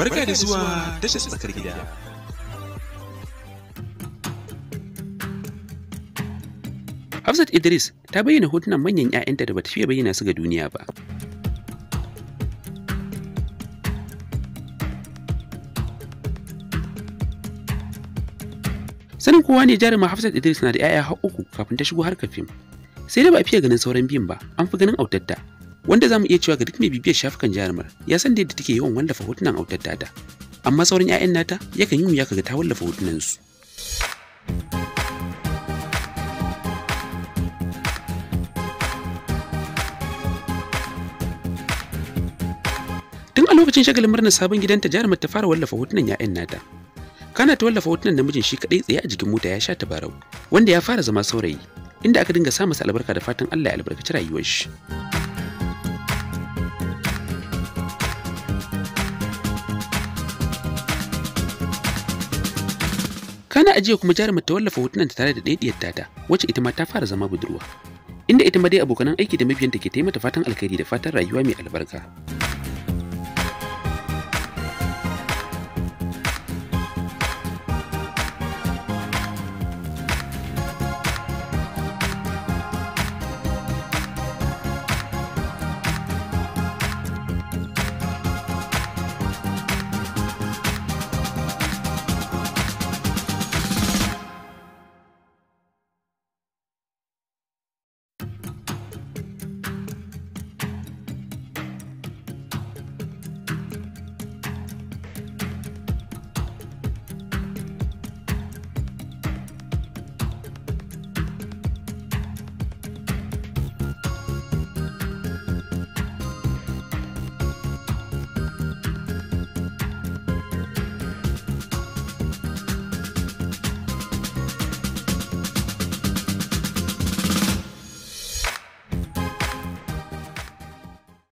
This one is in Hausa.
Barka da zuwa tashar tsakar gida. Hafsat Idris ta bayyana hotunan manyan 'ya'yanta da bata fiye bayyana su ga duniya ba. Sanin kowa ne jarumin Hafsat Idris na da 'ya'ya har uku kafin ta shigo harkar fim. Sai da ba a fiye ganin sauran biyun ba, an fi ganin autatta. wanda za mu iya cewa ga duk mai bibiyar shafukan jarumar ya san da yadda take yawan wallafa hotunan autar tata amma sauran 'ya'yan nata yakan yi wuya kaga ta wallafa su tun a lokacin shagalin murnar sabon gidanta jarumar ta fara wallafa hotunan 'ya'yan nata kana ta wallafa hotunan namijin shi kadai tsaye a jikin mota ya sha tabarau wanda ya fara zama saurayi inda aka dinga sa masa albarka da fatan Allah ya albarkaci rayuwar shi kana ajiye kuma jarumar ta wallafa hotunan ta tare da ɗaiɗiyar tata wacce ita ma ta fara zama budurwa inda ita ma dai abokanan aiki da mabiyanta ke taimata fatan alkhairi da fatan rayuwa mai albarka